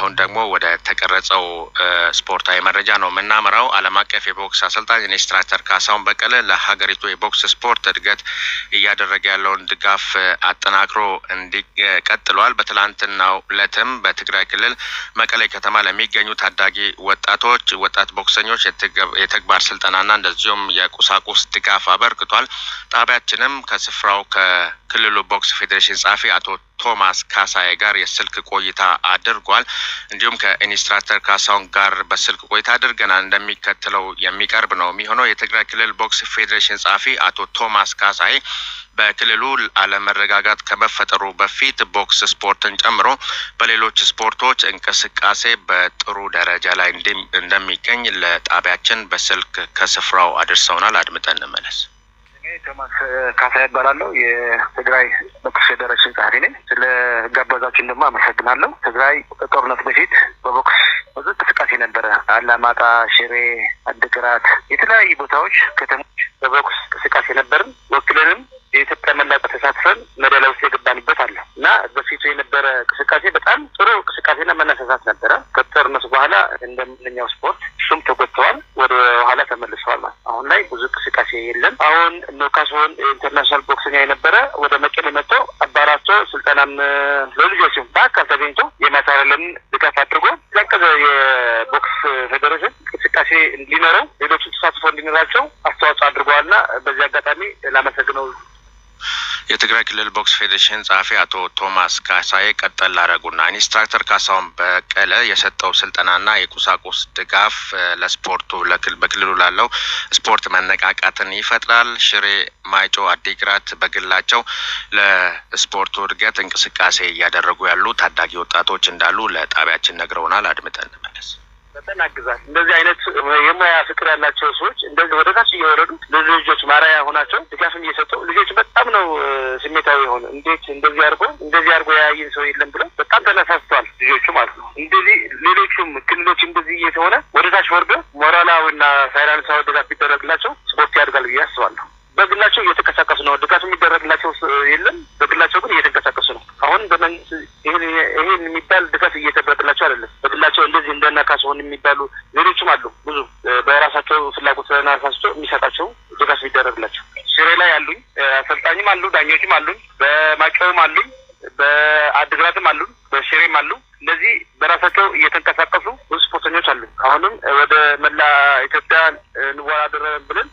አሁን ደግሞ ወደ ተቀረጸው ስፖርታዊ መረጃ ነው የምናምረው ዓለም አቀፍ የቦክስ አሰልጣኝ ኢንስትራክተር ካሳሁን በቀለ ለሀገሪቱ የቦክስ ስፖርት እድገት እያደረገ ያለውን ድጋፍ አጠናክሮ እንዲቀጥሏል። በትላንትናው ዕለትም በትግራይ ክልል መቀሌ ከተማ ለሚገኙ ታዳጊ ወጣቶች ወጣት ቦክሰኞች የተግባር ስልጠናና እንደዚሁም የቁሳቁስ ድጋፍ አበርክቷል። ጣቢያችንም ከስፍራው ከ ክልሉ ቦክስ ፌዴሬሽን ጸሐፊ አቶ ቶማስ ካሳዬ ጋር የስልክ ቆይታ አድርጓል። እንዲሁም ከኢንስትራክተር ካሳውን ጋር በስልክ ቆይታ አድርገናል። እንደሚከተለው የሚቀርብ ነው የሚሆነው። የትግራይ ክልል ቦክስ ፌዴሬሽን ጸሐፊ አቶ ቶማስ ካሳዬ በክልሉ አለመረጋጋት ከመፈጠሩ በፊት ቦክስ ስፖርትን ጨምሮ በሌሎች ስፖርቶች እንቅስቃሴ በጥሩ ደረጃ ላይ እንደሚገኝ ለጣቢያችን በስልክ ከስፍራው አድርሰውናል። አድምጠን እንመለስ። ቶማስ ካሳ ይባላለሁ። የትግራይ መክስ ፌዴሬሽን ጸሐፊ ነኝ። ስለ ጋበዛችን ደግሞ አመሰግናለሁ። ትግራይ ጦርነት በፊት በቦክስ ብዙ እንቅስቃሴ ነበረ። አላማጣ፣ ሽሬ፣ አድግራት የተለያዩ ቦታዎች፣ ከተሞች በቦክስ እንቅስቃሴ ነበርን። ወክለንም የኢትዮጵያ መላቀ ተሳትፈን መደላ ውስጥ የገባንበት አለ እና በፊቱ የነበረ እንቅስቃሴ በጣም ጥሩ እንቅስቃሴና መነሳሳት ነበረ። የለም። አሁን ሉካስ ኢንተርናሽናል ቦክሰኛ የነበረ ወደ መቀሌ መጥቶ አባራቶ ስልጠናም ለልጆች በአካል ተገኝቶ የማታለልን ድጋፍ አድርጎ ቀዘ የቦክስ ፌዴሬሽን እንቅስቃሴ እንዲኖረው ሌሎችን ተሳትፎ እንዲኖራቸው አስተዋጽኦ አድርገዋልና የትግራይ ክልል ቦክስ ፌዴሬሽን ጸሐፊ አቶ ቶማስ ካሳዬ ቀጠል ላረጉና ኢንስትራክተር ካሳሁን በቀለ የሰጠው ስልጠናና የቁሳቁስ ድጋፍ ለስፖርቱ በክልሉ ላለው ስፖርት መነቃቃትን ይፈጥራል። ሽሬ፣ ማይጮ፣ አዲግራት በግላቸው ለስፖርቱ እድገት እንቅስቃሴ እያደረጉ ያሉ ታዳጊ ወጣቶች እንዳሉ ለጣቢያችን ነግረውናል። አድምጠን እንመለስ። በጣም ያግዛል። እንደዚህ አይነት የሙያ ፍቅር ያላቸው ሰዎች እንደዚህ ወደ ታች እየወረዱ ልጆች ማራያ ሆናቸው ድጋፍም እየሰጡ ልጆች በጣም ነው ስሜታዊ የሆነ እንዴት እንደዚህ አድርጎ እንደዚህ አድርጎ ያያይን ሰው የለም ብለው በጣም ተነሳስቷል ልጆቹ ማለት ነው። እንደዚህ ሌሎቹም ክልሎች እንደዚህ እየተሆነ ወደ ታች ወርዶ ሞራላዊና ፋይናንሳዊ ድጋፍ ቢደረግላቸው ስፖርት ያድጋል ብዬ አስባለሁ። በግላቸው አንስቶ የሚሰጣቸው ድጋፍ የሚደረግላቸው ሽሬ ላይ አሉኝ፣ አሰልጣኝም አሉ፣ ዳኞችም አሉኝ፣ በማጨውም አሉኝ፣ በአድግራትም አሉኝ፣ በሽሬም አሉ። እነዚህ በራሳቸው እየተንቀሳቀሱ ብዙ ስፖርተኞች አሉ። አሁንም ወደ መላ ኢትዮጵያ እንወዳደር ብለን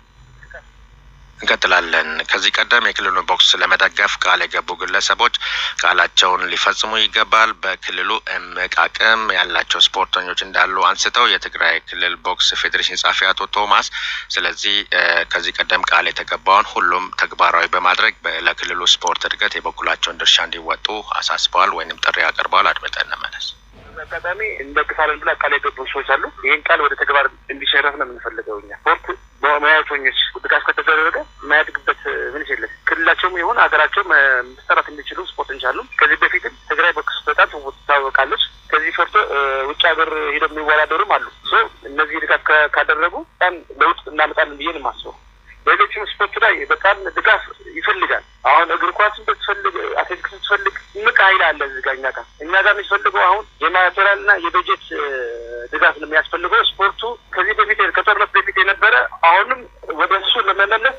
እንቀጥላለን። ከዚህ ቀደም የክልሉ ቦክስ ለመደገፍ ቃል የገቡ ግለሰቦች ቃላቸውን ሊፈጽሙ ይገባል። በክልሉ እምቅ አቅም ያላቸው ስፖርተኞች እንዳሉ አንስተው የትግራይ ክልል ቦክስ ፌዴሬሽን ጻፊ አቶ ቶማስ ስለዚህ ከዚህ ቀደም ቃል የተገባውን ሁሉም ተግባራዊ በማድረግ ለክልሉ ስፖርት እድገት የበኩላቸውን ድርሻ እንዲወጡ አሳስበዋል ወይም ጥሪ አቅርበዋል። አድመጠን መለስ አጋጣሚ እንደግፋለን ብላ ቃል የገቡ ሰዎች አሉ። ይህን ቃል ወደ ተግባር እንዲሸረፍ ነው የምንፈልገው እኛ ስፖርት ሙያተኞች ሀገራቸው መሰራት የሚችሉ ስፖርተኞች አሉ። ከዚህ በፊትም ትግራይ በክሱ በጣም ትታወቃለች። ከዚህ ፈርቶ ውጭ ሀገር ሄደው የሚወዳደሩም አሉ። እነዚህ ድጋፍ ካደረጉ በጣም ለውጥ እናመጣለን ብዬ ነው የማስበው። ሌሎችም ስፖርት ላይ በጣም ድጋፍ ይፈልጋል። አሁን እግር ኳስ ብትፈልግ፣ አትሌቲክስ ብትፈልግ ምቅ ሀይል አለ እዚህ ጋር እኛ ጋር እኛ ጋር የሚፈልገው አሁን የማቴሪያል እና የበጀት ድጋፍ ነው የሚያስፈልገው። ስፖርቱ ከዚህ በፊት ከጦርነት በፊት የነበረ አሁንም ወደ እሱ ለመመለስ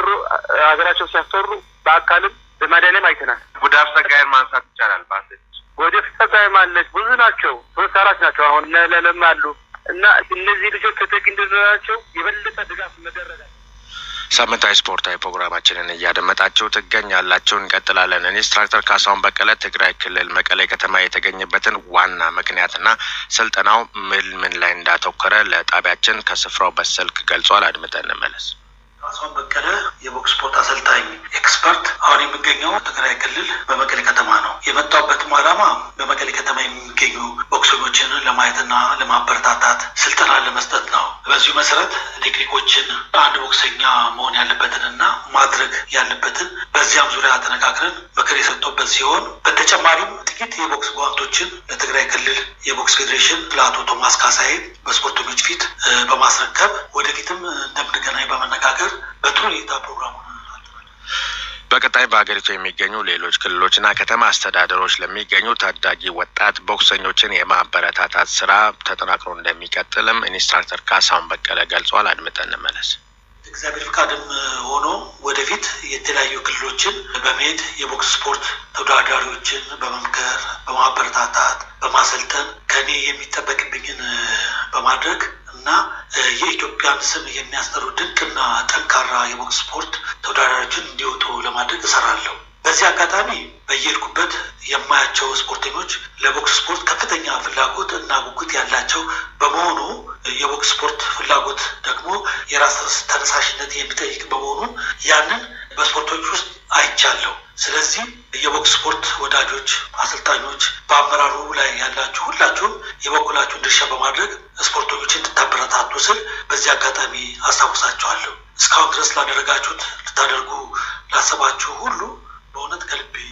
ሲያስፈሩ ሀገራቸው ሲያስፈሩ በአካልም በማዳለም አይተናል። ጉዳፍ ፀጋዬን ማንሳት ይቻላል። ባለች ወደፍ ፀጋዬም አለች። ብዙ ናቸው። ሶስት አራት ናቸው። አሁን ለለም አሉ እና እነዚህ ልጆች ተጠቂ እንደሆናቸው የበለጠ ድጋፍ መደረጋል። ሳምንታዊ ስፖርታዊ ፕሮግራማችንን እያደመጣችሁ ትገኛላችሁ። እንቀጥላለን። ኢንስትራክተር ካሳሁን በቀለ ትግራይ ክልል መቀሌ ከተማ የተገኘበትን ዋና ምክንያትና ስልጠናው ምን ምን ላይ እንዳተኮረ ለጣቢያችን ከስፍራው በስልክ ገልጿል። አድምጠን እንመለስ። ራሷን በቀለ የቦክስ ስፖርት አሰልጣኝ ኤክስፐርት። አሁን የሚገኘው ትግራይ ክልል በመቀሌ ከተማ ነው። የመጣሁበትም ዓላማ በመቀሌ ከተማ የሚገኙ ቦክሰኞችን ለማየትና ለማበረታታት ስልጠና ለመስጠት ነው። በዚሁ መሰረት ቴክኒኮችን አንድ ቦክሰኛ መሆን ያለበትንና ማድረግ ያለበትን በዚያም ዙሪያ ተነጋግረን ምክር የሰጡበት ሲሆን በተጨማሪም ጥቂት የቦክስ ጓንቶችን ለትግራይ ክልል የቦክስ ፌዴሬሽን ለአቶ ቶማስ ካሳይ በስፖርተኞች ፊት በማስረከብ ወደፊትም እንደምንገናኝ በመነጋገር በጥሩ ሁኔታ ፕሮግራሙ በቀጣይ በሀገሪቱ የሚገኙ ሌሎች ክልሎችና ከተማ አስተዳደሮች ለሚገኙ ታዳጊ ወጣት ቦክሰኞችን የማበረታታት ስራ ተጠናክሮ እንደሚቀጥልም ኢንስትራክተር ካሳሁን በቀለ ገልጿል። አድምጠን እንመለስ። እግዚአብሔር ፍቃድም ሆኖ ወደፊት የተለያዩ ክልሎችን በመሄድ የቦክስ ስፖርት ተወዳዳሪዎችን በመምከር በማበረታታት በማሰልጠን ከኔ የሚጠበቅብኝን በማድረግ እና የኢትዮጵያን ስም የሚያስጠሩ ድንቅና ጠንካራ የቦክስ ስፖርት ተወዳዳሪዎችን እንዲወጡ ለማድረግ እሰራለሁ። በዚህ አጋጣሚ በየልኩበት የማያቸው ስፖርተኞች ለቦክስ ስፖርት ከፍተኛ ፍላጎት እና ጉጉት ያላቸው በመሆኑ የቦክስ ስፖርት ፍላጎት ደግሞ የራስ ተነሳሽነት የሚጠይቅ በመሆኑ ያንን በስፖርቶች ውስጥ አይቻለሁ። ስለዚህ የቦክስ ስፖርት ወዳጆች፣ አሰልጣኞች፣ በአመራሩ ላይ ያላችሁ ሁላችሁም የበኩላችሁን ድርሻ በማድረግ ስፖርቶች እንድታበረታቱ ስል በዚህ አጋጣሚ አስታውሳቸዋለሁ። እስካሁን ድረስ ላደረጋችሁት፣ ልታደርጉ ላሰባችሁ ሁሉ በእውነት ከልቤ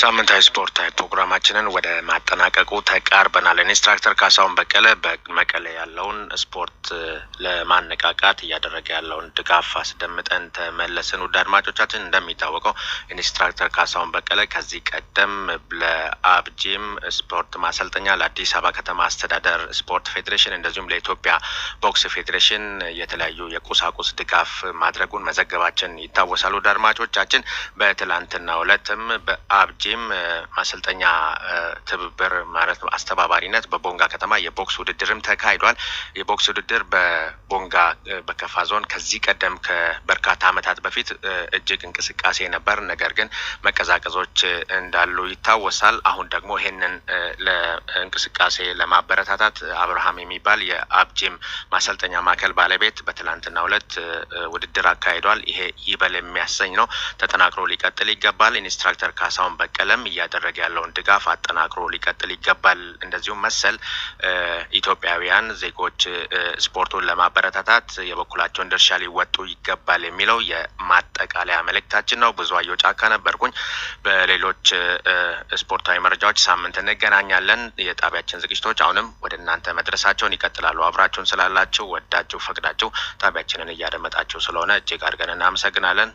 ሳምንታዊ ስፖርታዊ ፕሮግራማችንን ወደ ማጠናቀቁ ተቃርበናል። ኢንስትራክተር ካሳሁን በቀለ በመቀለ ያለውን ስፖርት ለማነቃቃት እያደረገ ያለውን ድጋፍ አስደምጠን ተመለስን። ውድ አድማጮቻችን፣ እንደሚታወቀው ኢንስትራክተር ካሳሁን በቀለ ከዚህ ቀደም ለአብጂም ስፖርት ማሰልጠኛ፣ ለአዲስ አበባ ከተማ አስተዳደር ስፖርት ፌዴሬሽን እንደዚሁም ለኢትዮጵያ ቦክስ ፌዴሬሽን የተለያዩ የቁሳቁስ ድጋፍ ማድረጉን መዘገባችን ይታወሳል። ውድ አድማጮቻችን፣ በትላንትና ዕለትም በአብ ጂም ማሰልጠኛ ትብብር ማለት አስተባባሪነት በቦንጋ ከተማ የቦክስ ውድድርም ተካሂዷል። የቦክስ ውድድር በቦንጋ በከፋ ዞን ከዚህ ቀደም ከበርካታ ዓመታት በፊት እጅግ እንቅስቃሴ ነበር። ነገር ግን መቀዛቀዞች እንዳሉ ይታወሳል። አሁን ደግሞ ይህንን ለእንቅስቃሴ ለማበረታታት አብርሃም የሚባል የአብጂም ማሰልጠኛ ማዕከል ባለቤት በትናንትናው ዕለት ውድድር አካሂዷል። ይሄ ይበል የሚያሰኝ ነው። ተጠናክሮ ሊቀጥል ይገባል። ኢንስትራክተር ካሳሁን በ በቀለም እያደረገ ያለውን ድጋፍ አጠናክሮ ሊቀጥል ይገባል። እንደዚሁም መሰል ኢትዮጵያውያን ዜጎች ስፖርቱን ለማበረታታት የበኩላቸውን ድርሻ ሊወጡ ይገባል የሚለው የማጠቃለያ መልእክታችን ነው። ብዙ አየሁ ጫካ ነበርኩኝ። በሌሎች ስፖርታዊ መረጃዎች ሳምንት እንገናኛለን። የጣቢያችን ዝግጅቶች አሁንም ወደ እናንተ መድረሳቸውን ይቀጥላሉ። አብራችሁን ስላላችሁ ወዳችሁ ፈቅዳችሁ ጣቢያችንን እያደመጣችሁ ስለሆነ እጅግ አድርገን እናመሰግናለን።